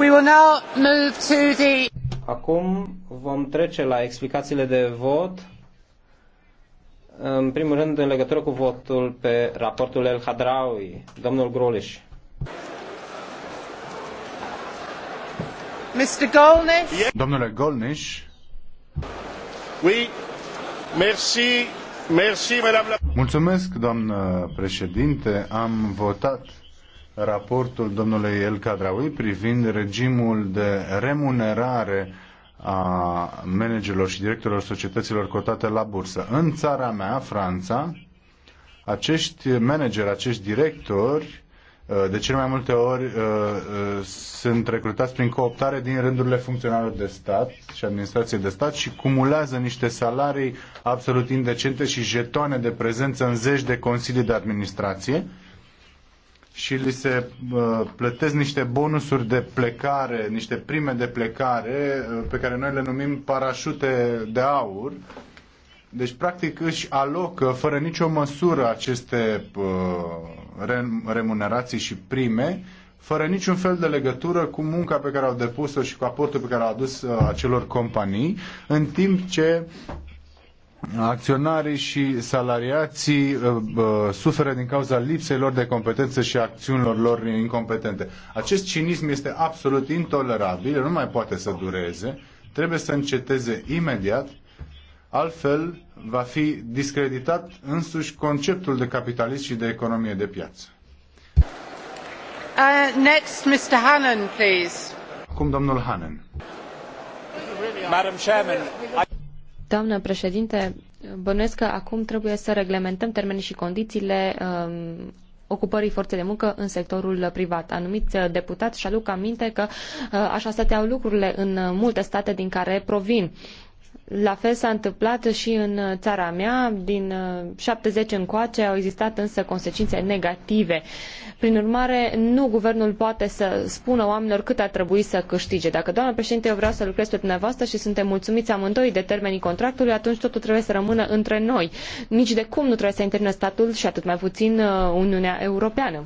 We will now move to the... Acum vom trece la explicațiile de vot. În primul rând, în legătură cu votul pe raportul El Hadraui, domnul Groliș. Mr. Golnish. Domnule Golnish. Oui. Merci. Merci, madame la... Mulțumesc, doamnă președinte. Am votat raportul domnului El Cadraui privind regimul de remunerare a managerilor și directorilor societăților cotate la bursă. În țara mea, Franța, acești manageri, acești directori, uh, de cele mai multe ori uh, uh, sunt recrutați prin cooptare din rândurile funcționarilor de stat și administrație de stat și cumulează niște salarii absolut indecente și jetoane de prezență în zeci de consilii de administrație și li se uh, plătesc niște bonusuri de plecare, niște prime de plecare uh, pe care noi le numim parașute de aur. Deci, practic, își alocă fără nicio măsură aceste uh, remunerații și prime, fără niciun fel de legătură cu munca pe care au depus-o și cu aportul pe care au adus acelor companii, în timp ce acționarii și salariații uh, uh, suferă din cauza lipsei lor de competență și acțiunilor lor incompetente. Acest cinism este absolut intolerabil, nu mai poate să dureze, trebuie să înceteze imediat, altfel va fi discreditat însuși conceptul de capitalist și de economie de piață. Uh, next, Mr. Hannan, please. Acum domnul Hannan. Madam Chairman, I... Doamnă președinte, bănuiesc că acum trebuie să reglementăm termenii și condițiile um, ocupării forței de muncă în sectorul privat. Anumiți deputați și-aduc aminte că uh, așa stăteau lucrurile în multe state din care provin. Uh, la fel s-a întâmplat și în uh, țara mea. Din 70 uh, încoace au existat însă consecințe negative. Prin urmare, nu guvernul poate să spună oamenilor cât ar trebui să câștige. Dacă, doamnă președinte, eu vreau să lucrez pe dumneavoastră și suntem mulțumiți amândoi de termenii contractului, atunci totul trebuie să rămână între noi. Nici de cum nu trebuie să intervină statul și atât mai puțin uh, Uniunea Europeană.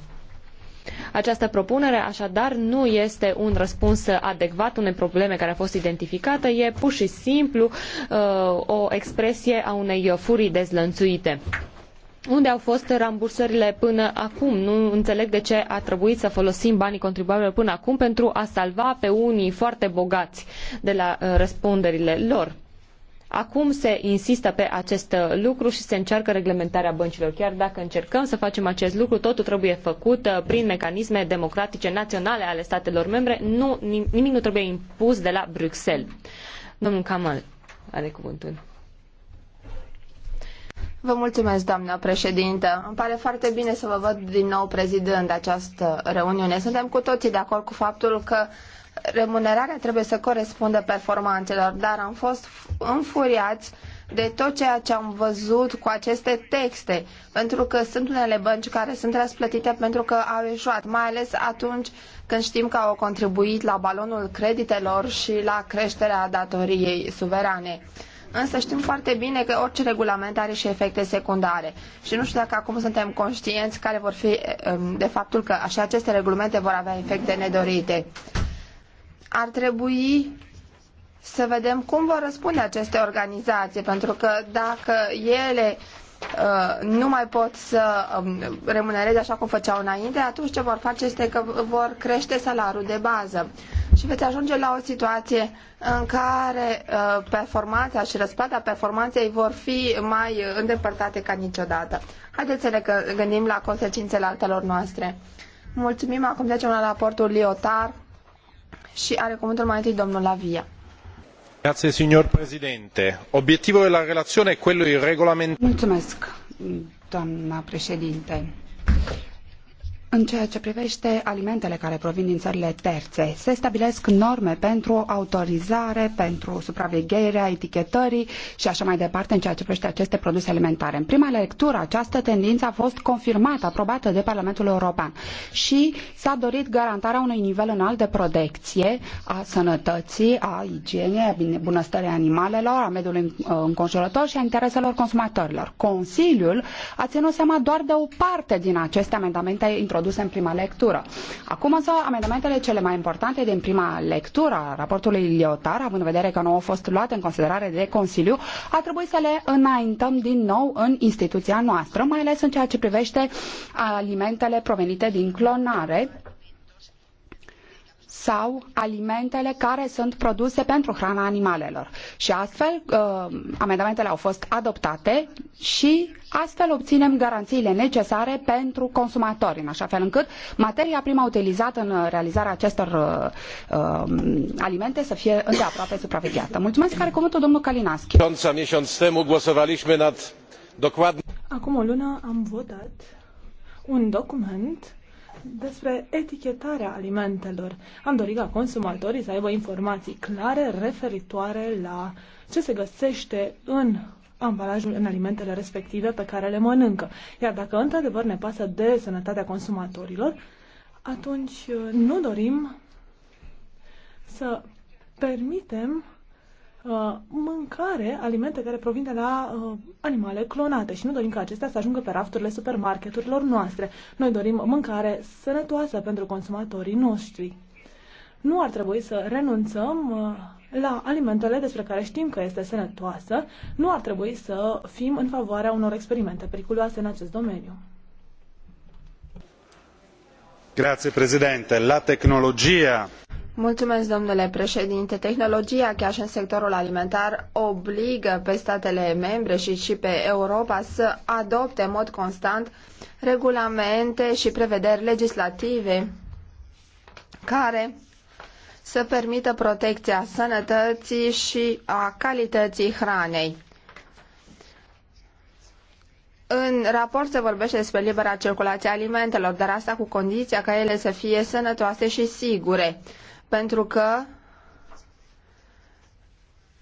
Această propunere așadar nu este un răspuns adecvat unei probleme care a fost identificată, e pur și simplu uh, o expresie a unei furii dezlănțuite. Unde au fost rambursările până acum? Nu înțeleg de ce a trebuit să folosim banii contribuabililor până acum pentru a salva pe unii foarte bogați de la uh, răspunderile lor. Acum se insistă pe acest uh, lucru și se încearcă reglementarea băncilor. Chiar dacă încercăm să facem acest lucru, totul trebuie făcut uh, prin mecanisme democratice naționale ale statelor membre. Nu, nimic nu trebuie impus de la Bruxelles. Domnul Kamal are cuvântul. Vă mulțumesc, doamnă președintă. Îmi pare foarte bine să vă văd din nou prezidând această reuniune. Suntem cu toții de acord cu faptul că remunerarea trebuie să corespundă performanțelor, dar am fost înfuriați de tot ceea ce am văzut cu aceste texte, pentru că sunt unele bănci care sunt răsplătite pentru că au eșuat, mai ales atunci când știm că au contribuit la balonul creditelor și la creșterea datoriei suverane. Însă știm foarte bine că orice regulament are și efecte secundare. Și nu știu dacă acum suntem conștienți care vor fi de faptul că așa aceste regulamente vor avea efecte nedorite ar trebui să vedem cum vor răspunde aceste organizații, pentru că dacă ele uh, nu mai pot să um, remunereze așa cum făceau înainte, atunci ce vor face este că vor crește salariul de bază. Și veți ajunge la o situație în care uh, performanța și răsplata performanței vor fi mai îndepărtate ca niciodată. Haideți să ne gândim la consecințele altelor noastre. Mulțumim acum de la raportul Liotar și are cuvântul mai întâi domnul Lavia. Grazie, signor Presidente. Obiectivul de la relazione è quello di regolamentare... Mulțumesc, doamna președinte. În ceea ce privește alimentele care provin din țările terțe, se stabilesc norme pentru autorizare, pentru supravegherea etichetării și așa mai departe în ceea ce privește aceste produse alimentare. În prima lectură, această tendință a fost confirmată, aprobată de Parlamentul European și s-a dorit garantarea unui nivel înalt de protecție a sănătății, a igienei, a bunăstării animalelor, a mediului înconjurător și a intereselor consumatorilor. Consiliul a ținut seama doar de o parte din aceste amendamente introduse introduse în prima lectură. Acum însă amendamentele cele mai importante din prima lectură a raportului Liotar, având în vedere că nu au fost luate în considerare de Consiliu, a trebuit să le înaintăm din nou în instituția noastră, mai ales în ceea ce privește alimentele provenite din clonare, sau alimentele care sunt produse pentru hrana animalelor. Și astfel, uh, amendamentele au fost adoptate și astfel obținem garanțiile necesare pentru consumatori, în așa fel încât materia prima utilizată în realizarea acestor uh, uh, alimente să fie îndeaproape supravegheată. Mulțumesc, care cuvântul domnul Kalinowski. Acum o lună am votat un document despre etichetarea alimentelor. Am dorit ca consumatorii să aibă informații clare referitoare la ce se găsește în ambalajul în alimentele respective pe care le mănâncă. Iar dacă într-adevăr ne pasă de sănătatea consumatorilor, atunci uh, nu dorim să permitem Uh, mâncare, alimente care provin de la uh, animale clonate și nu dorim ca acestea să ajungă pe rafturile supermarketurilor noastre. Noi dorim mâncare sănătoasă pentru consumatorii noștri. Nu ar trebui să renunțăm uh, la alimentele despre care știm că este sănătoasă, nu ar trebui să fim în favoarea unor experimente periculoase în acest domeniu. Grazie Presidente. La tecnologia Mulțumesc, domnule președinte. Tehnologia, chiar și în sectorul alimentar, obligă pe statele membre și și pe Europa să adopte în mod constant regulamente și prevederi legislative care să permită protecția sănătății și a calității hranei. În raport se vorbește despre libera circulație a alimentelor, dar asta cu condiția ca ele să fie sănătoase și sigure pentru că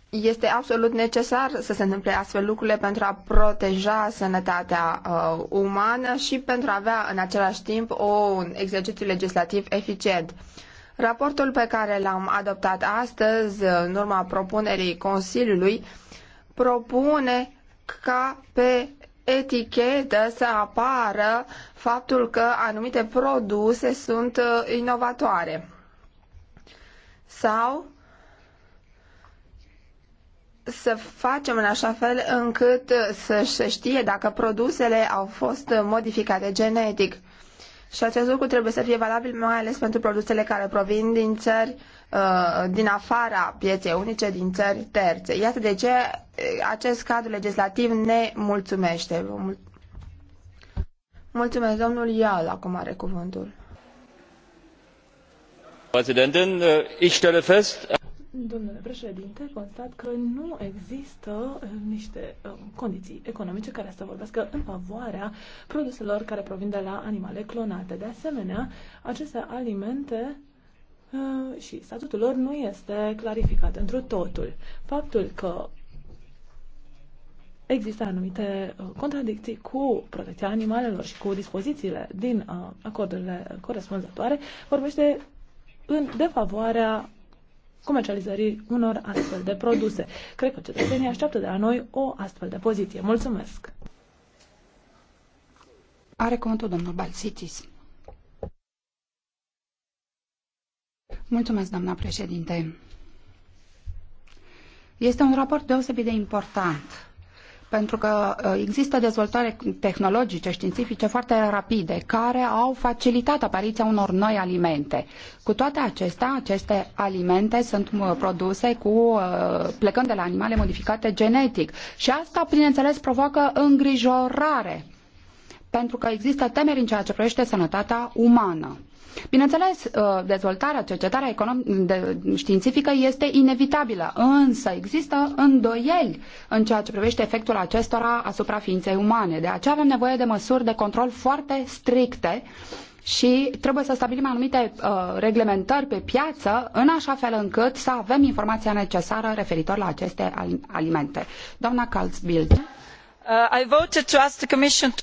este absolut necesar să se întâmple astfel lucrurile pentru a proteja sănătatea uh, umană și pentru a avea în același timp o, un exercițiu legislativ eficient. Raportul pe care l-am adoptat astăzi, uh, în urma propunerii Consiliului, propune ca pe etichetă să apară faptul că anumite produse sunt uh, inovatoare sau să facem în așa fel încât uh, să se știe dacă produsele au fost modificate genetic. Și acest lucru trebuie să fie valabil mai ales pentru produsele care provin din țări uh, din afara pieței unice, din țări terțe. Iată de ce uh, acest cadru legislativ ne mulțumește. Mulțumesc, domnul Ial, acum are cuvântul. Domnule președinte, constat că nu există eh, niște eh, condiții economice care să vorbească în favoarea produselor care provin de la animale clonate. De asemenea, aceste alimente eh, și statutul lor nu este clarificat întru totul. Faptul că există anumite contradicții cu protecția animalelor și cu dispozițiile din acordurile corespunzătoare vorbește în defavoarea comercializării unor astfel de produse. Cred că cetățenii așteaptă de la noi o astfel de poziție. Mulțumesc! Are cuvântul domnul Balsitis. Mulțumesc, doamna președinte. Este un raport deosebit de important pentru că uh, există dezvoltare tehnologice, științifice foarte rapide, care au facilitat apariția unor noi alimente. Cu toate acestea, aceste alimente sunt uh, produse cu, uh, plecând de la animale modificate genetic. Și asta, bineînțeles, provoacă îngrijorare, pentru că există temeri în ceea ce privește sănătatea umană. Bineînțeles, uh, dezvoltarea, cercetarea econom- de, științifică este inevitabilă, însă există îndoieli în ceea ce privește efectul acestora asupra ființei umane. De aceea avem nevoie de măsuri de control foarte stricte și trebuie să stabilim anumite uh, reglementări pe piață în așa fel încât să avem informația necesară referitor la aceste alimente. Doamna Kalsbild. Uh, I voted to ask the commission to...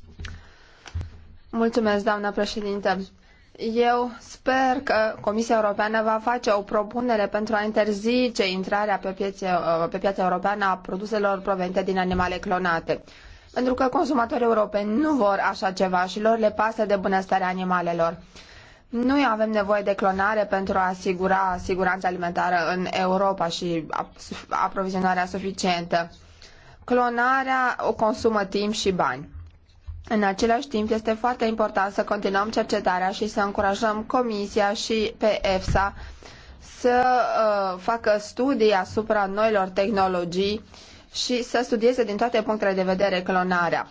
Mulțumesc, doamna președinte eu sper că Comisia Europeană va face o propunere pentru a interzice intrarea pe, piețe, uh, pe piața europeană a produselor provenite din animale clonate. Pentru că consumatorii europeni nu vor așa ceva și lor le pasă de bunăstarea animalelor. Nu avem nevoie de clonare pentru a asigura siguranța alimentară în Europa și aprovizionarea suficientă. Clonarea consumă timp și bani. În același timp, este foarte important să continuăm cercetarea și să încurajăm Comisia și pe EFSA să uh, facă studii asupra noilor tehnologii și să studieze din toate punctele de vedere clonarea.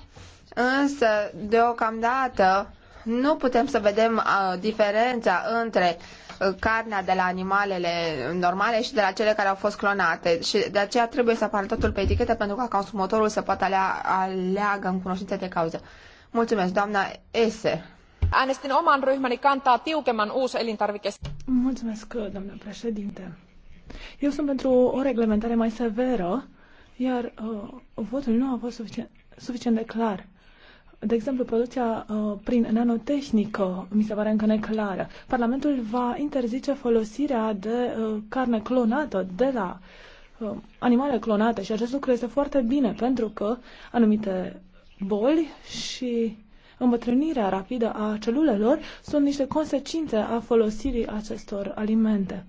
Însă, deocamdată, nu putem să vedem uh, diferența între uh, carnea de la animalele normale și de la cele care au fost clonate și de aceea trebuie să apară totul pe etichetă pentru ca consumatorul să poată alea, aleagă în cunoștință de cauză. Mulțumesc, doamna Ese. Äänestin oman ryhmäni kantaa tiukemman uuselintarvike... Mulțumesc, doamna președinte. Eu sunt pentru o reglementare mai severă, iar uh, votul nu a fost suficient, suficient de clar. De exemplu, producția uh, prin nanotehnică mi se pare încă neclară. Parlamentul va interzice folosirea de uh, carne clonată de la uh, animale clonate și acest lucru este foarte bine pentru că anumite boli și îmbătrânirea rapidă a celulelor sunt niște consecințe a folosirii acestor alimente.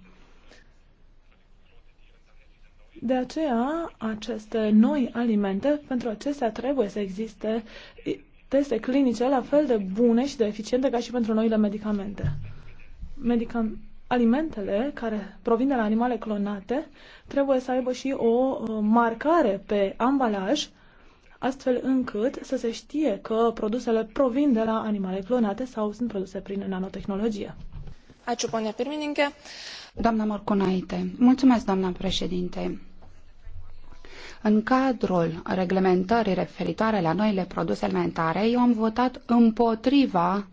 De aceea, aceste noi alimente, pentru acestea trebuie să existe teste clinice la fel de bune și de eficiente ca și pentru noile medicamente. Medicam alimentele care provin de la animale clonate trebuie să aibă și o uh, marcare pe ambalaj astfel încât să se știe că produsele provin de la animale clonate sau sunt produse prin nanotehnologie. Aici, ponia pirmininkė. Doamna Morconaite, Mulțumesc, doamna președinte. În cadrul reglementării referitoare la noile produse alimentare, eu am votat împotriva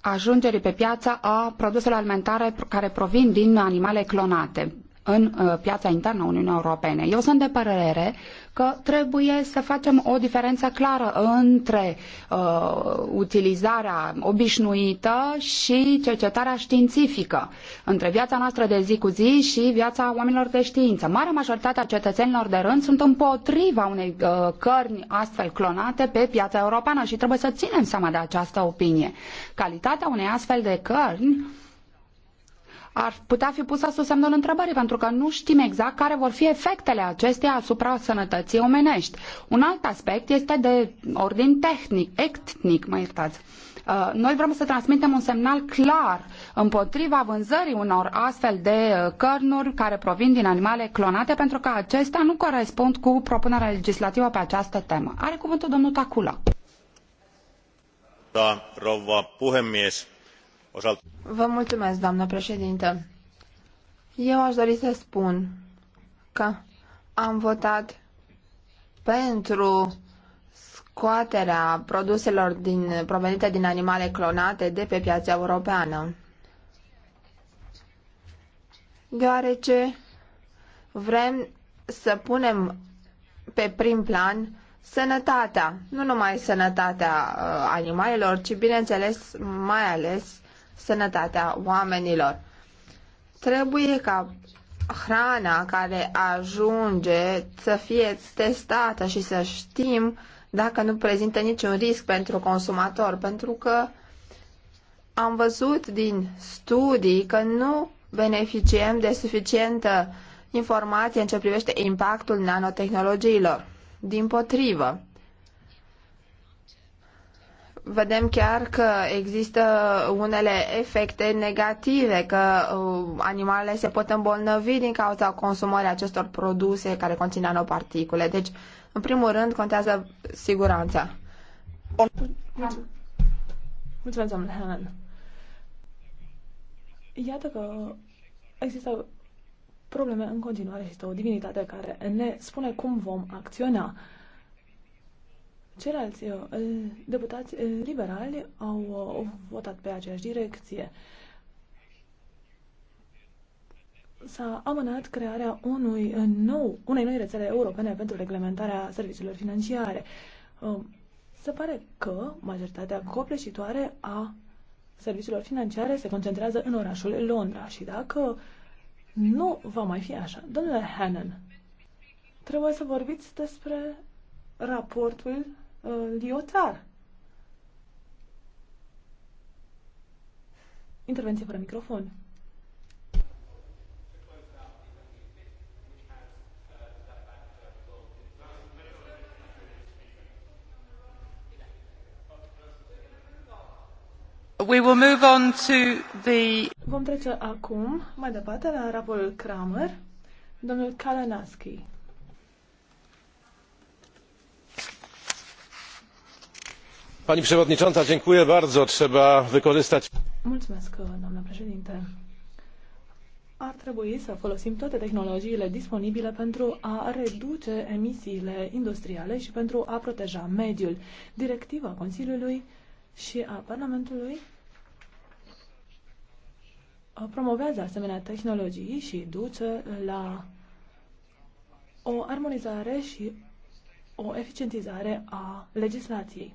ajungerii pe piață a produselor alimentare care provin din animale clonate în uh, piața internă a Uniunii Europene. Eu sunt de părere că trebuie să facem o diferență clară între uh, utilizarea obișnuită și cercetarea științifică, între viața noastră de zi cu zi și viața oamenilor de știință. Marea majoritate a cetățenilor de rând sunt împotriva unei uh, cărni astfel clonate pe piața europeană și trebuie să ținem seama de această opinie. Calitatea unei astfel de cărni uh, ar putea fi pusă sub semnul întrebării, pentru că nu știm exact care vor fi efectele acesteia asupra sănătății omenești. Un alt aspect este de ordin tehnic, etnic, mai iertați. Uh, noi vrem să transmitem un semnal clar împotriva vânzării unor astfel de uh, cărnuri care provin din animale clonate, pentru că acestea nu corespund cu propunerea legislativă pe această temă. Are cuvântul domnul Tacula. Da, rouva puhemies Vă mulțumesc, doamnă președinte. Eu aș dori să spun că am votat pentru scoaterea produselor din, provenite din animale clonate de pe piața europeană. Deoarece vrem să punem pe prim plan sănătatea, nu numai sănătatea uh, animalelor, ci bineînțeles mai ales sănătatea oamenilor. Trebuie ca hrana care ajunge să fie testată și să știm dacă nu prezintă niciun risc pentru consumator, pentru că am văzut din studii că nu beneficiem de suficientă informație în ce privește impactul nanotehnologiilor. Din potrivă, vedem chiar că există unele efecte negative, că uh, animalele se pot îmbolnăvi din cauza consumării acestor produse care conțin nanoparticule. Deci, în primul rând, contează siguranța. Mulțumesc, Mulțumesc doamne Helen. Iată că există probleme în continuare, există o divinitate care ne spune cum vom acționa. Ceilalți uh, uh, deputați uh, liberali au votat pe aceeași direcție. S-a amânat crearea unui nou, unei noi rețele europene pentru reglementarea serviciilor financiare. Se pare că majoritatea copleșitoare a serviciilor financiare se concentrează în orașul Londra și dacă nu va mai fi așa, domnule Hannon, trebuie să vorbiți despre raportul Uh, liotar. Intervenție fără microfon. We will move on to the... Vom trece acum mai departe la raportul Kramer, domnul Kalanaski. pani przewodnicząca! dziękuję bardzo. trzeba wykorzystać. ar trebui să folosim toate tehnologiile disponibile pentru a reduce emisiile industriale și pentru a proteja mediul. Directiva Consiliului și a Parlamentului promovează asemenea tehnologii și duce la o armonizare și o eficientizare a legislației.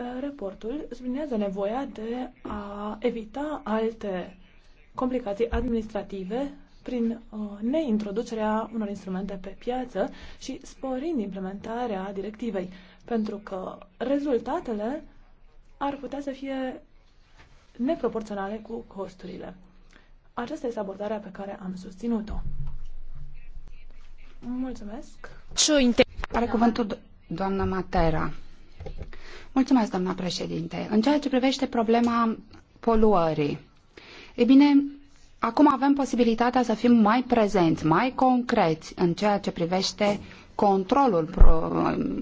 Uh, raportul sublinează nevoia de a evita alte complicații administrative prin uh, neintroducerea unor instrumente pe piață și sporind implementarea directivei, pentru că rezultatele ar putea să fie neproporționale cu costurile. Aceasta este abordarea pe care am susținut-o. Mulțumesc. Are cuvântul doamna Matera. Mulțumesc, doamna președinte. În ceea ce privește problema poluării, e bine, acum avem posibilitatea să fim mai prezenți, mai concreți în ceea ce privește controlul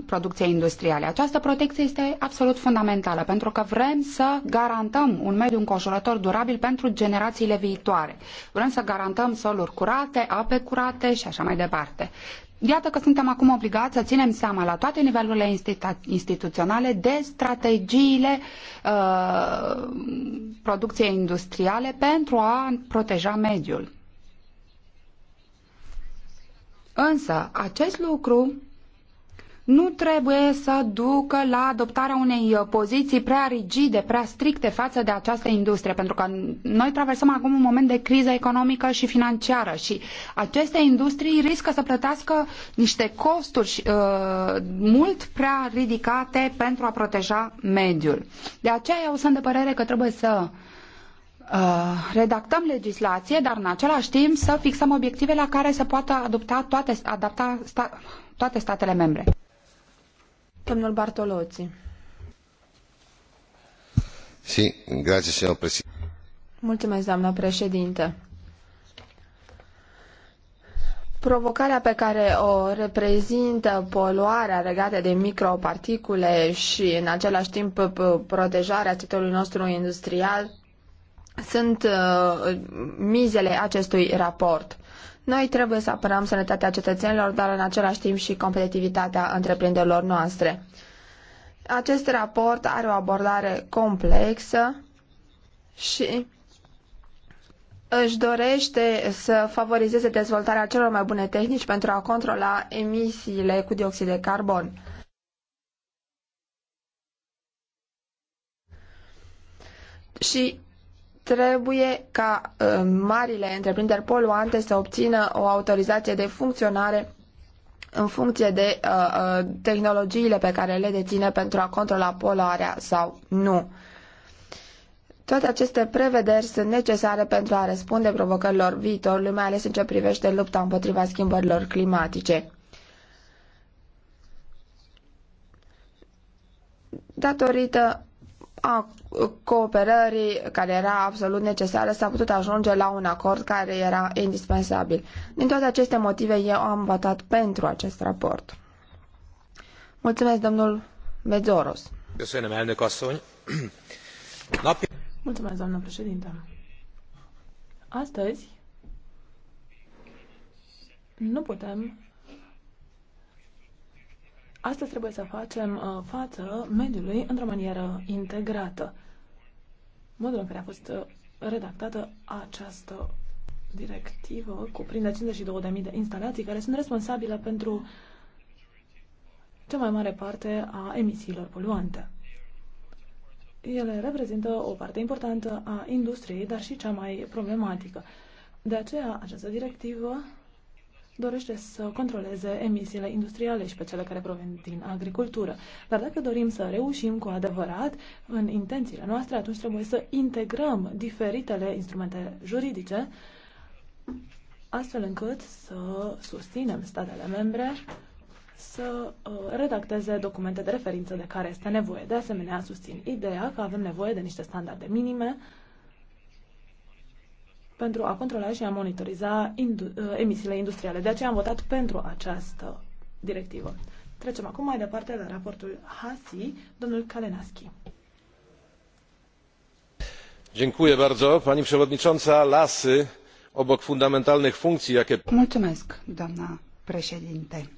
producției industriale. Această protecție este absolut fundamentală pentru că vrem să garantăm un mediu înconjurător durabil pentru generațiile viitoare. Vrem să garantăm soluri curate, ape curate și așa mai departe. Iată că suntem acum obligați să ținem seama la toate nivelurile institu- instituționale de strategiile uh, producției industriale pentru a proteja mediul. Însă, acest lucru nu trebuie să ducă la adoptarea unei uh, poziții prea rigide, prea stricte față de această industrie, pentru că noi traversăm acum un moment de criză economică și financiară și aceste industrii riscă să plătească niște costuri uh, mult prea ridicate pentru a proteja mediul. De aceea eu sunt de părere că trebuie să uh, redactăm legislație, dar în același timp să fixăm obiective la care se poată adopta toate, adapta sta, toate statele membre. Domnul Bartolozzi. Si, grazie, Mulțumesc, doamna președinte. Provocarea pe care o reprezintă poluarea legată de microparticule și în același timp protejarea sectorului nostru industrial sunt uh, mizele acestui raport. Noi trebuie să apărăm sănătatea cetățenilor, dar în același timp și competitivitatea întreprinderilor noastre. Acest raport are o abordare complexă și își dorește să favorizeze dezvoltarea celor mai bune tehnici pentru a controla emisiile cu dioxid de carbon. Și trebuie ca uh, marile întreprinderi poluante să obțină o autorizație de funcționare în funcție de uh, tehnologiile pe care le deține pentru a controla poluarea sau nu. Toate aceste prevederi sunt necesare pentru a răspunde provocărilor viitorului, mai ales în ce privește lupta împotriva schimbărilor climatice. datorită a cooperării care era absolut necesară s-a putut ajunge la un acord care era indispensabil. Din toate aceste motive eu am votat pentru acest raport. Mulțumesc, domnul Medzoros. Mulțumesc, doamnă președintă. Astăzi nu putem Astăzi trebuie să facem uh, față mediului într-o manieră integrată. Modul în care a fost uh, redactată această directivă cuprinde 52.000 de instalații care sunt responsabile pentru cea mai mare parte a emisiilor poluante. Ele reprezintă o parte importantă a industriei, dar și cea mai problematică. De aceea, această directivă dorește să controleze emisiile industriale și pe cele care provin din agricultură. Dar dacă dorim să reușim cu adevărat în intențiile noastre, atunci trebuie să integrăm diferitele instrumente juridice astfel încât să susținem statele membre să uh, redacteze documente de referință de care este nevoie. De asemenea, susțin ideea că avem nevoie de niște standarde minime pentru a controla și a monitoriza indu- uh, emisiile industriale. De aceea am votat pentru această directivă. Trecem acum mai departe la raportul HASI, domnul Kalenaski. Dziękuję bardzo. Pani przewodnicząca, lasy obok fundamentalnych funkcji, jakie... Mulțumesc, doamna președinte.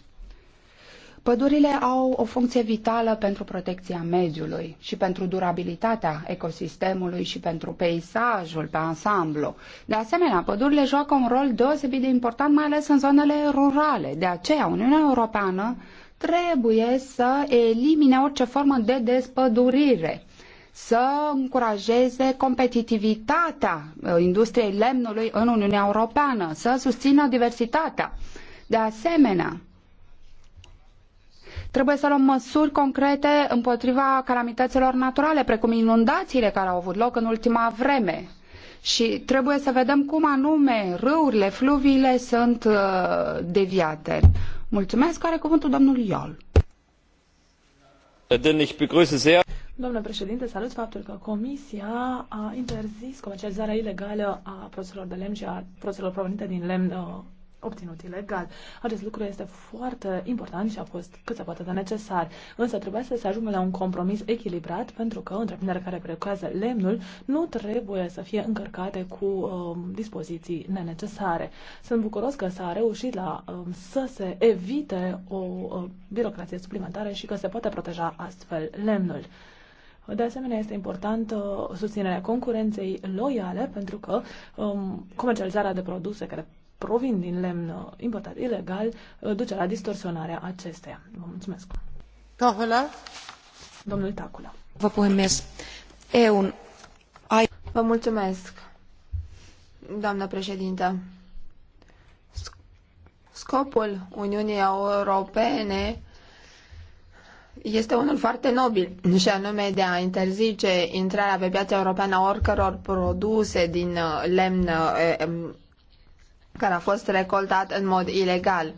Pădurile au o funcție vitală pentru protecția mediului și pentru durabilitatea ecosistemului și pentru peisajul pe ansamblu. De asemenea, pădurile joacă un rol deosebit de important, mai ales în zonele rurale. De aceea, Uniunea Europeană trebuie să elimine orice formă de despădurire să încurajeze competitivitatea uh, industriei lemnului în Uniunea Europeană, să susțină diversitatea. De asemenea, Trebuie să luăm măsuri concrete împotriva calamităților naturale, precum inundațiile care au avut loc în ultima vreme. Și trebuie să vedem cum anume râurile, fluviile sunt uh, deviate. Mulțumesc, are cuvântul domnul Iol. Domnule președinte, salut faptul că Comisia a interzis comercializarea ilegală a produselor de lemn și a produselor provenite din lemn uh, obținut ilegal. Acest lucru este foarte important și a fost cât se poate de necesar. Însă trebuie să se ajungă la un compromis echilibrat pentru că întreprinderile care prelucrează lemnul nu trebuie să fie încărcate cu um, dispoziții nenecesare. Sunt bucuros că s-a reușit la um, să se evite o uh, birocrație suplimentară și că se poate proteja astfel lemnul. De asemenea, este importantă susținerea concurenței loiale, pentru că um, comercializarea de produse care provin din lemn importat ilegal uh, duce la distorsionarea acesteia. Vă mulțumesc. Tahula. Domnul Tacula. Vă mulțumesc. EUn... Ai... Vă mulțumesc, doamnă președintă. Scopul Uniunii Europene este unul foarte nobil și anume de a interzice intrarea pe piața europeană a oricăror produse din uh, lemn uh, care a fost recoltat în mod ilegal.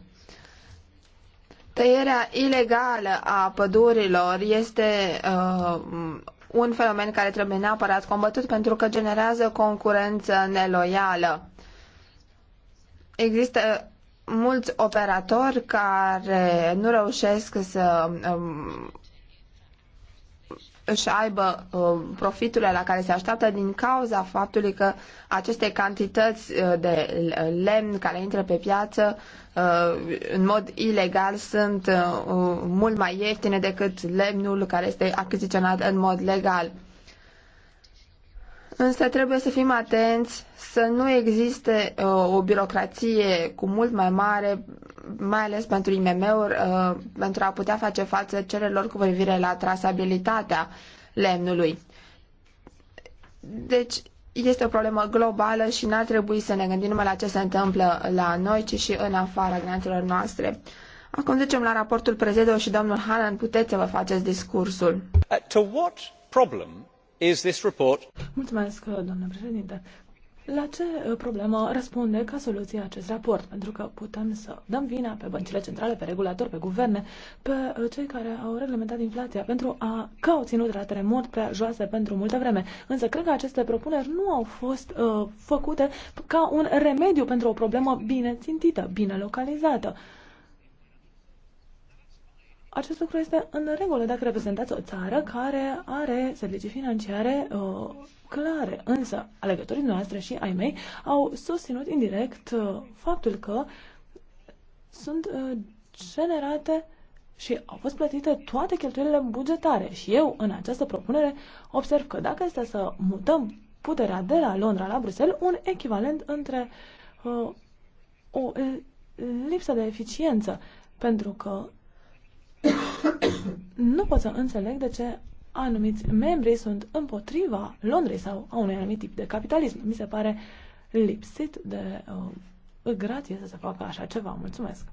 Tăierea ilegală a pădurilor este uh, un fenomen care trebuie neapărat combătut pentru că generează concurență neloială. Există mulți operatori care nu reușesc să Uh, își aibă uh, profiturile la care se așteaptă din cauza faptului că aceste cantități uh, de lemn care intră pe piață uh, în mod ilegal sunt mult mai ieftine decât lemnul care este achiziționat în mod legal. Însă trebuie să fim atenți să nu existe uh, o birocrație cu mult mai mare, mai ales pentru IMM-uri, uh, pentru a putea face față cererilor cu privire la trasabilitatea lemnului. Deci, este o problemă globală și n-ar trebui să ne gândim numai la ce se întâmplă la noi, ci și în afara granițelor noastre. Acum trecem la raportul Prezedo și domnul Hanan, puteți să vă faceți discursul. Uh, to what problem președinte. La ce uh, problemă răspunde ca soluție acest raport? Pentru că putem să dăm vina pe băncile centrale, pe regulatori, pe guverne, pe uh, cei care au reglementat inflația pentru a că au ținut ratele mult prea joase pentru multă vreme. Însă cred că aceste propuneri nu au fost uh, făcute ca un remediu pentru o problemă bine țintită, bine localizată. Uh, acest lucru este în regulă dacă reprezentați o țară care are servicii financiare uh, clare, însă alegătorii noastre și ai mei au susținut indirect uh, faptul că sunt uh, generate și au fost plătite toate cheltuielile bugetare. Și eu, în această propunere, observ că dacă este să mutăm puterea de la Londra la Bruxelles, un echivalent între uh, o lipsă de eficiență, pentru că nu pot să înțeleg de ce anumiți membri sunt împotriva Londrei sau a unui anumit tip de capitalism. Mi se pare lipsit de uh, grație să se facă așa ceva. Mulțumesc!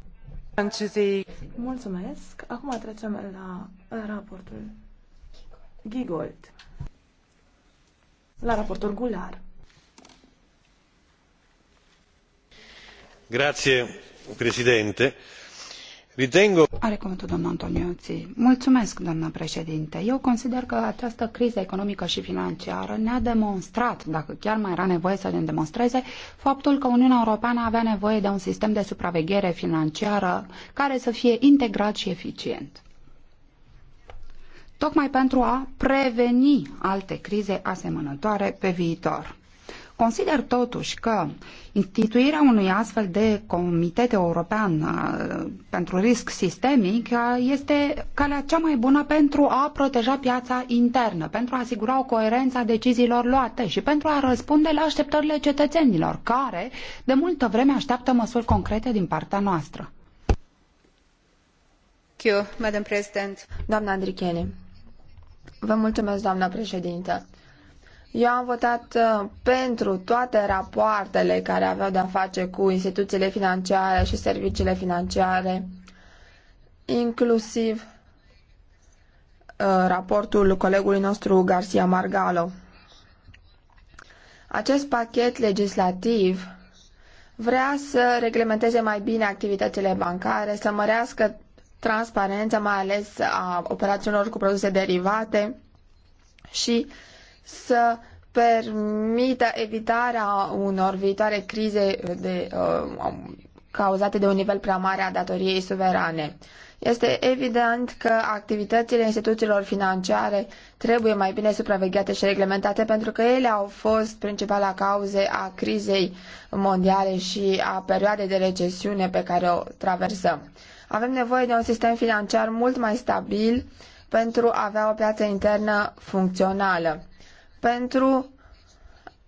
Mulțumesc! Acum trecem la raportul Gigold. La raportul Gular. Grazie, Presidente. Eu consider că această criză economică și financiară ne-a demonstrat, dacă chiar mai era nevoie să ne demonstreze, faptul că Uniunea Europeană avea nevoie de un sistem de supraveghere financiară care să fie integrat și eficient. Tocmai pentru a preveni alte crize asemănătoare pe viitor. Consider totuși că instituirea unui astfel de comitet european uh, pentru risc sistemic uh, este calea cea mai bună pentru a proteja piața internă, pentru a asigura o coerență a deciziilor luate și pentru a răspunde la așteptările cetățenilor, care de multă vreme așteaptă măsuri concrete din partea noastră. Doamna Andrichene. Vă mulțumesc, doamna președintă. Eu am votat uh, pentru toate rapoartele care aveau de-a face cu instituțiile financiare și serviciile financiare, inclusiv uh, raportul colegului nostru Garcia Margalo. Acest pachet legislativ vrea să reglementeze mai bine activitățile bancare, să mărească transparența, mai ales a operațiunilor cu produse derivate și să permită evitarea unor viitoare crize de, uh, cauzate de un nivel prea mare a datoriei suverane. Este evident că activitățile instituțiilor financiare trebuie mai bine supravegheate și reglementate pentru că ele au fost principala cauze a crizei mondiale și a perioadei de recesiune pe care o traversăm. Avem nevoie de un sistem financiar mult mai stabil pentru a avea o piață internă funcțională pentru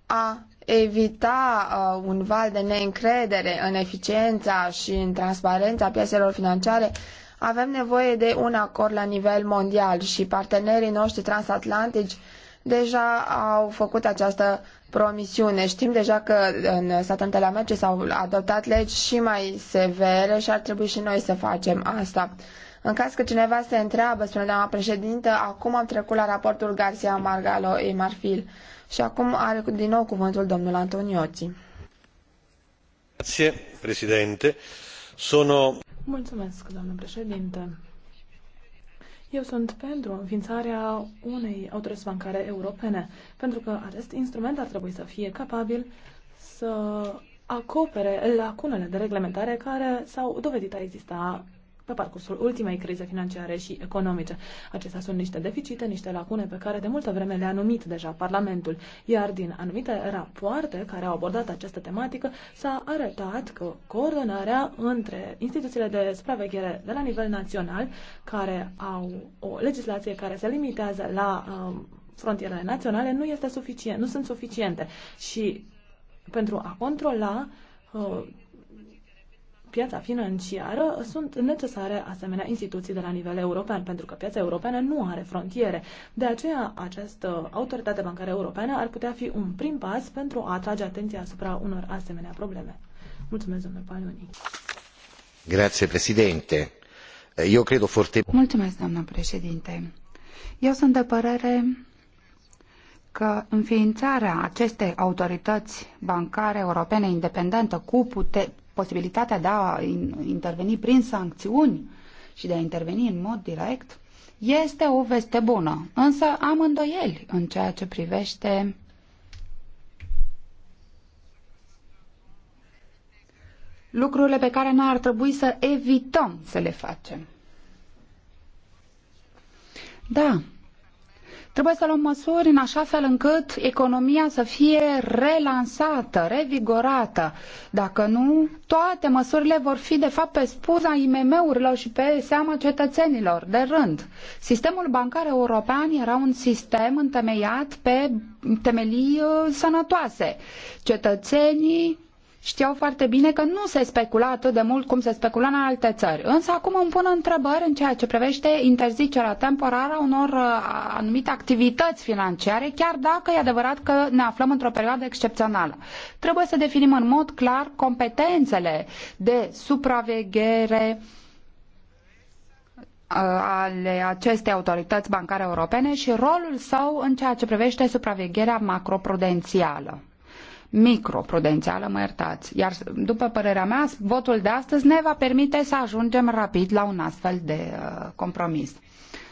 a evita uh, un val de neîncredere în eficiența și în transparența pieselor financiare, avem nevoie de un acord la nivel mondial și partenerii noștri transatlantici deja au făcut această promisiune. Știm deja că în Statele Unite Americii s-au adoptat legi și mai severe și ar trebui și noi să facem asta. În caz că cineva se întreabă, spune doamna președintă, acum am trecut la raportul Garcia Margalo e Marfil. Și acum are din nou cuvântul domnul Antonioți. Grazie, președinte. Sono... Mulțumesc, doamnă președinte. Eu sunt pentru înființarea unei autorități bancare europene, pentru că acest instrument ar trebui să fie capabil să acopere lacunele de reglementare care s-au dovedit a exista pe parcursul ultimei crize financiare și economice. Acestea sunt niște deficite, niște lacune pe care de multă vreme le-a numit deja Parlamentul, iar din anumite rapoarte care au abordat această tematică s-a arătat că coordonarea între instituțiile de supraveghere de la nivel național, care au o legislație care se limitează la um, frontierele naționale, nu, este suficient, nu sunt suficiente și pentru a controla uh, piața financiară sunt necesare asemenea instituții de la nivel european, pentru că piața europeană nu are frontiere. De aceea, această autoritate bancară europeană ar putea fi un prim pas pentru a atrage atenția asupra unor asemenea probleme. Mulțumesc, domnule Palioni. Grazie, președinte. Eu cred foarte... Mulțumesc, doamnă președinte. Eu sunt de părere că înființarea acestei autorități bancare europene independente cu, pute- posibilitatea de a interveni prin sancțiuni și de a interveni în mod direct, este o veste bună. Însă am îndoieli în ceea ce privește lucrurile pe care noi ar trebui să evităm să le facem. Da, Trebuie să luăm măsuri în așa fel încât economia să fie relansată, revigorată. Dacă nu, toate măsurile vor fi de fapt pe spuza IMM-urilor și pe seama cetățenilor, de rând. Sistemul bancar european era un sistem întemeiat pe temelii uh, sănătoase. Cetățenii știau foarte bine că nu se specula atât de mult cum se specula în alte țări. Însă acum îmi pun întrebări în ceea ce privește interzicerea temporară a unor uh, anumite activități financiare, chiar dacă e adevărat că ne aflăm într-o perioadă excepțională. Trebuie să definim în mod clar competențele de supraveghere uh, ale acestei autorități bancare europene și rolul său în ceea ce privește supravegherea macroprudențială microprudențială, mă iertați. Iar, după părerea mea, votul de astăzi ne va permite să ajungem rapid la un astfel de uh, compromis.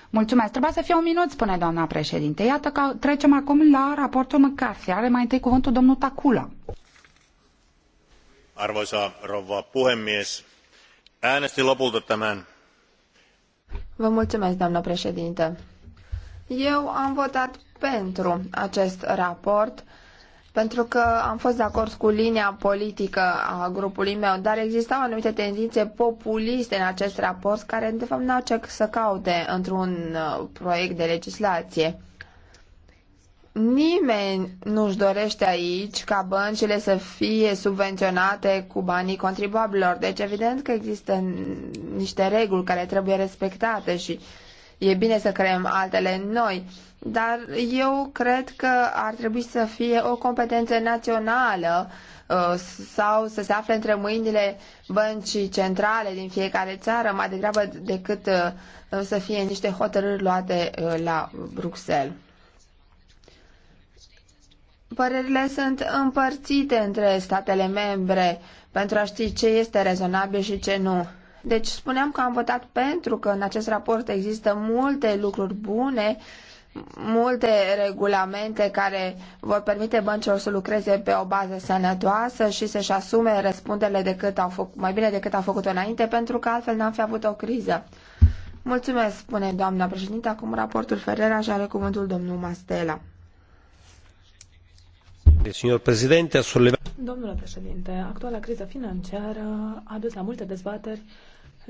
Mulțumesc. Trebuie să fie un minut, spune doamna președinte. Iată că trecem acum la raportul McCarthy. Are mai întâi cuvântul domnul Tacula. Arvoisa rouva puhemies, äänestin lopulta tämän. Vă mulțumesc, doamna președinte. Eu am votat pentru acest raport pentru că am fost de acord cu linia politică a grupului meu, dar existau anumite tendințe populiste în acest raport care, de fapt, n-au ce să caute într-un uh, proiect de legislație. Nimeni nu-și dorește aici ca băncile să fie subvenționate cu banii contribuabilor. Deci, evident că există niște reguli care trebuie respectate și uh, e bine să creăm altele noi, dar eu cred că ar trebui să fie o competență națională uh, sau să se afle între mâinile băncii centrale din fiecare țară, mai degrabă decât uh, să fie niște hotărâri luate uh, la Bruxelles. Părerile sunt împărțite între statele membre pentru a ști ce este rezonabil și ce nu. Deci spuneam că am votat pentru că în acest raport există multe lucruri bune, multe regulamente care vor permite băncilor să lucreze pe o bază sănătoasă și să-și asume răspunderile decât au făcut, mai bine decât au făcut înainte, pentru că altfel n-am fi avut o criză. Mulțumesc, spune doamna președinte. Acum raportul Ferrera și are cuvântul domnul Mastela. Domnule președinte, actuala criză financiară a dus la multe dezbateri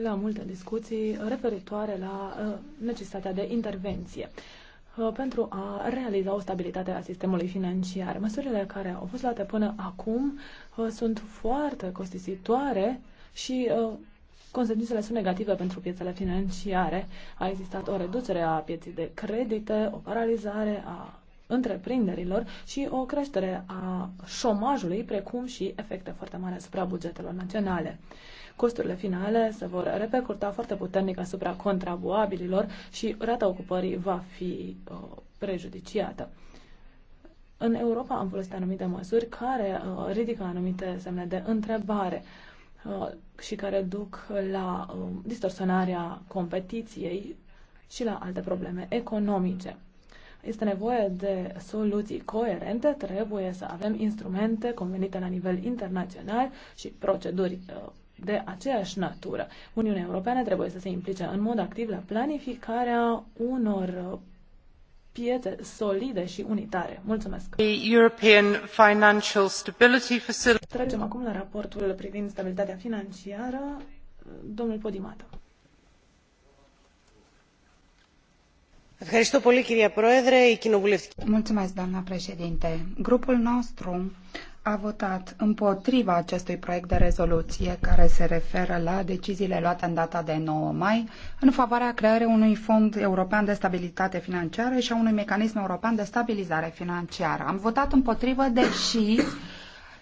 la multe discuții referitoare la uh, necesitatea de intervenție uh, pentru a realiza o stabilitate a sistemului financiar. Măsurile care au fost luate până acum uh, sunt foarte costisitoare și consecințele sunt negative pentru piețele financiare. A existat o reducere a pieții de credite, o paralizare a întreprinderilor și o creștere a șomajului, precum și efecte foarte mari asupra bugetelor naționale. Costurile finale se vor repercuta foarte puternic asupra contrabuabililor și rata ocupării va fi uh, prejudiciată. În Europa am folosit anumite măsuri care uh, ridică anumite semne de întrebare uh, și care duc la distorsionarea competiției și la alte probleme economice. Este nevoie de soluții coerente, trebuie să avem instrumente convenite la nivel internațional și proceduri uh, de aceeași natură. Uniunea Europeană trebuie să se implice în mod activ la planificarea unor uh, piețe solide și unitare. Mulțumesc! European Financial Stability Facility. Trecem acum la raportul privind stabilitatea financiară. Domnul Podimata. grupul nostru a votat împotriva acestui proiect de rezoluție care se referă la deciziile luate în data de 9 mai în favoarea creării unui fond european de stabilitate financiară și a unui mecanism european de stabilizare financiară. Am votat împotrivă deși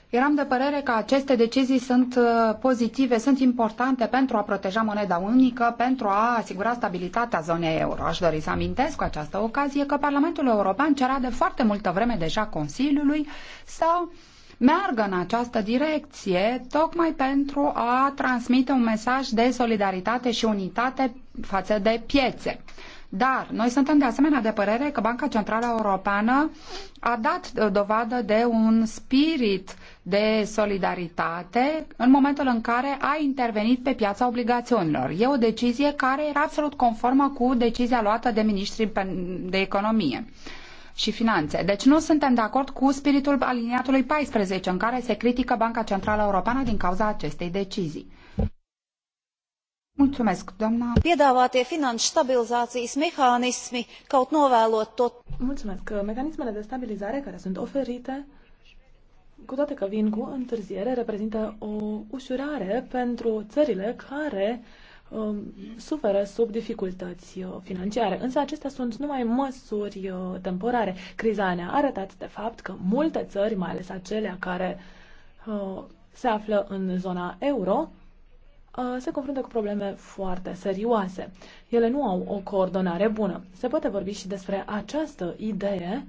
Eram de părere că aceste decizii sunt uh, pozitive, sunt importante pentru a proteja moneda unică, pentru a asigura stabilitatea zonei euro. Aș dori să amintesc cu această ocazie că Parlamentul European cerea de foarte multă vreme deja Consiliului să meargă în această direcție tocmai pentru a transmite un mesaj de solidaritate și unitate față de piețe. Dar noi suntem de asemenea de părere că Banca Centrală Europeană a dat dovadă de un spirit de solidaritate în momentul în care a intervenit pe piața obligațiunilor. E o decizie care era absolut conformă cu decizia luată de ministrii de economie și finanțe. Deci nu suntem de acord cu spiritul aliniatului 14 în care se critică Banca Centrală Europeană din cauza acestei decizii. Mulțumesc, doamna. Piedāvātie finanšu stabilizācijas mecanismi, caut novelot tot. Mulțumesc. Mecanismele de stabilizare care sunt oferite cu toate că vin cu întârziere, reprezintă o ușurare pentru țările care um, suferă sub dificultăți uh, financiare. Însă acestea sunt numai măsuri uh, temporare. Criza ne-a arătat de fapt că multe țări, mai ales acelea care uh, se află în zona euro, uh, se confruntă cu probleme foarte serioase. Ele nu au o coordonare bună. Se poate vorbi și despre această idee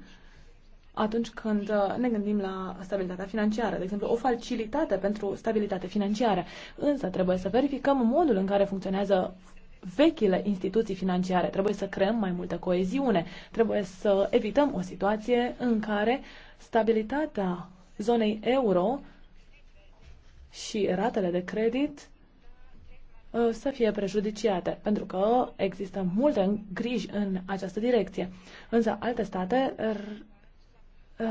atunci când uh, ne gândim la stabilitatea financiară, de exemplu, o facilitate pentru stabilitate financiară. Însă trebuie să verificăm modul în care funcționează vechile instituții financiare. Trebuie să creăm mai multă coeziune. Trebuie să evităm o situație în care stabilitatea zonei euro și ratele de credit uh, să fie prejudiciate, pentru că există multe griji în această direcție. Însă alte state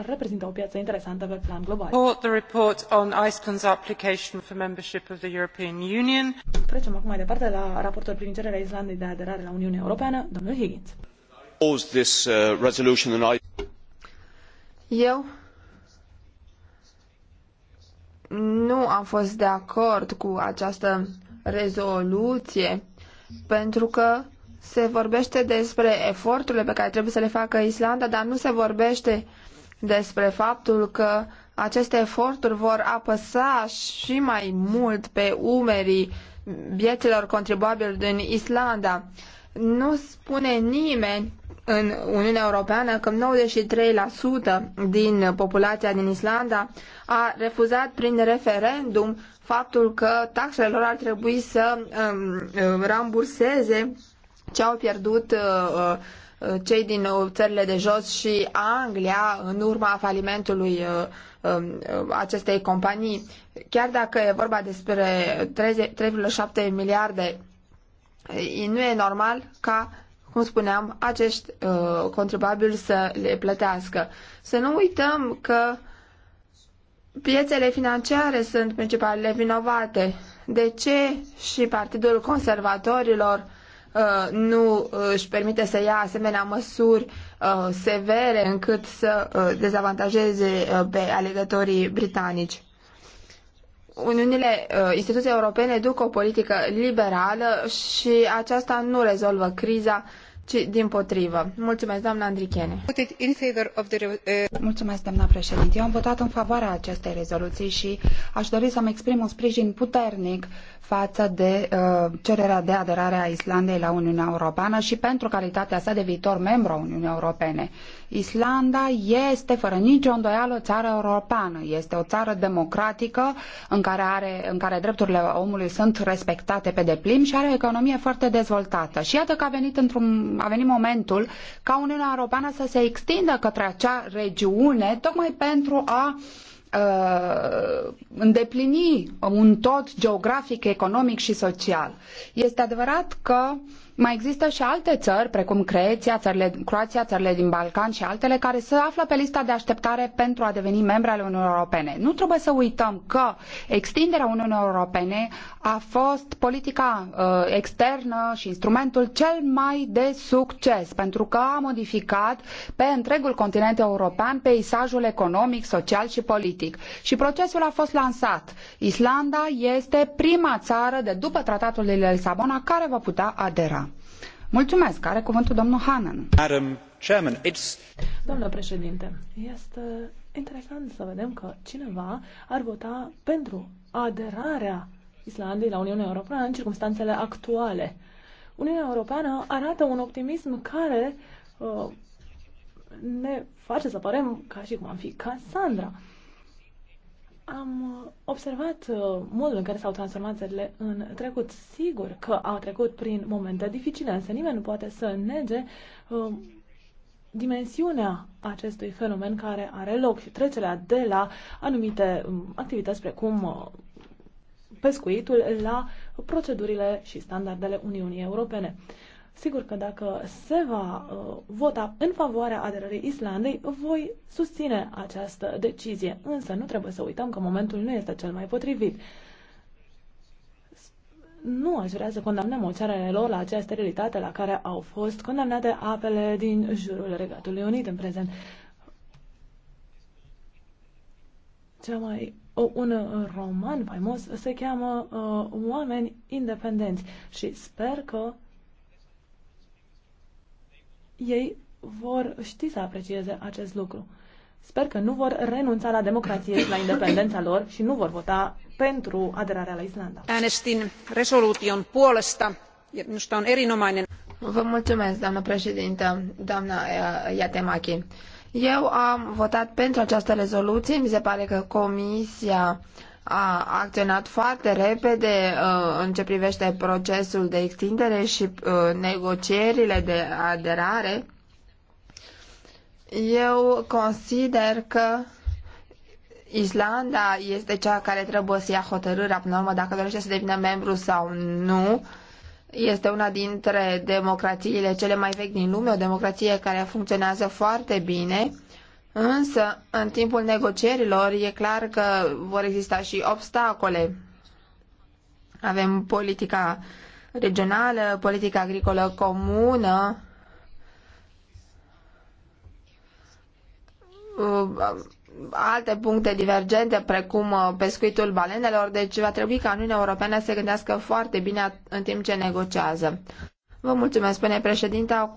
reprezintă o piață interesantă pe plan global. The report on Iceland's application for membership of the European Union. Trecem acum mai departe la raportul privind cererea Islandei de aderare la Uniunea Europeană, domnul Higgins. This, uh, resolution in Eu nu am fost de acord cu această rezoluție pentru că se vorbește despre eforturile pe care trebuie să le facă Islanda, dar nu se vorbește despre faptul că aceste eforturi vor apăsa și mai mult pe umerii vieților contribuabili din Islanda. Nu spune nimeni în Uniunea Europeană că 93% din populația din Islanda a refuzat prin referendum faptul că taxele lor ar trebui să um, um ramburseze ce au pierdut uh, uh Uh, cei din uh, țările de jos și Anglia în urma falimentului uh, um, acestei companii. Chiar dacă e vorba despre 3,7 miliarde, nu e normal ca cum spuneam, acești contribuabili să le plătească. Să nu uităm că piețele financiare sunt principalele vinovate. De ce și Partidul Conservatorilor Uh, nu uh, își permite să ia asemenea măsuri uh, severe încât să dezavantajeze pe alegătorii britanici. Uniunile, instituții europene duc o politică liberală și aceasta nu rezolvă criza ci din potrivă. Mulțumesc, doamna Andrichene. Uh, Mulțumesc, doamna președinte. Eu am votat în favoarea acestei rezoluții și aș dori să-mi exprim un sprijin puternic față de uh, cererea de aderare a Islandei la Uniunea Europeană și pentru calitatea sa de viitor membru a Uniunii Europene. Islanda este fără nicio îndoială o țară europeană, este o țară democratică în care, are, în care drepturile omului sunt respectate pe deplin și are o economie foarte dezvoltată. Și iată că a venit într-un a venit momentul ca Uniunea Europeană să se extindă către acea regiune tocmai pentru a ă, îndeplini un tot geografic, economic și social. Este adevărat că uh, mai există și alte țări, precum Creția, țările, Croația, țările din Balcan și altele, care se află pe lista de așteptare pentru a deveni membre ale Uniunii Europene. Nu trebuie să uităm că extinderea Uniunii Europene a fost politica uh, externă și instrumentul cel mai de succes, pentru că a modificat pe întregul continent european peisajul economic, social și politic. Și procesul a fost lansat. Islanda este prima țară de după Tratatul de Lisabona care va putea adera. Mulțumesc. Are cuvântul domnul Hanan. Madam Chairman, it's... Doamnă președinte, este interesant să vedem că cineva ar vota pentru aderarea Islandei la Uniunea Europeană în circunstanțele actuale. Uniunea Europeană arată un optimism care uh, ne face să părem ca și cum am fi Cassandra. Uh, am uh, observat uh, modul în care s-au transformat țările în trecut. Sigur că au trecut prin momente dificile, însă nimeni nu poate să nege uh, dimensiunea acestui fenomen care are loc și trecerea de la anumite um, activități precum pescuitul la procedurile și standardele Uniunii Europene. Sigur că dacă se va uh, vota în favoarea aderării Islandei, voi susține această decizie. Însă nu trebuie să uităm că momentul nu este cel mai potrivit. Nu aș vrea să condamnăm oceanele lor la această realitate la care au fost condamnate apele din jurul Regatului Unit în prezent. Cea mai o, un roman faimos se cheamă uh, Oameni independenți și sper că ei vor ști să aprecieze acest lucru. Sper că nu vor renunța la democrație și la independența lor și nu vor vota pentru aderarea la Islanda. Äänestin Resoluțion puolesta. Minusta on erinomainen. Vă mulțumesc, doamnă președintă, doamnă eh, Iatemachi. Eu am votat pentru această rezoluție. Mi se pare că Comisia a acționat foarte repede uh, în ce privește procesul de extindere și uh, negocierile de aderare, eu consider că Islanda este cea care trebuie să ia hotărârea până la urmă dacă dorește să devină membru sau nu. Este una dintre democrațiile cele mai vechi din lume, o democrație care funcționează foarte bine Însă, în timpul negocierilor, e clar că vor exista și obstacole. Avem politica regională, politica agricolă comună, alte puncte divergente, precum uh, pescuitul balenelor, deci va trebui ca Uniunea Europeană să se gândească foarte bine în timp ce negociază. Vă mulțumesc, spune președinta.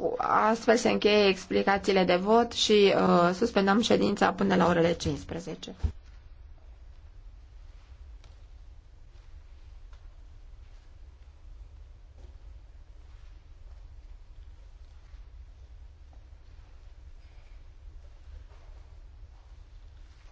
Astfel se încheie explicațiile de vot și uh, suspendăm ședința până la orele 15.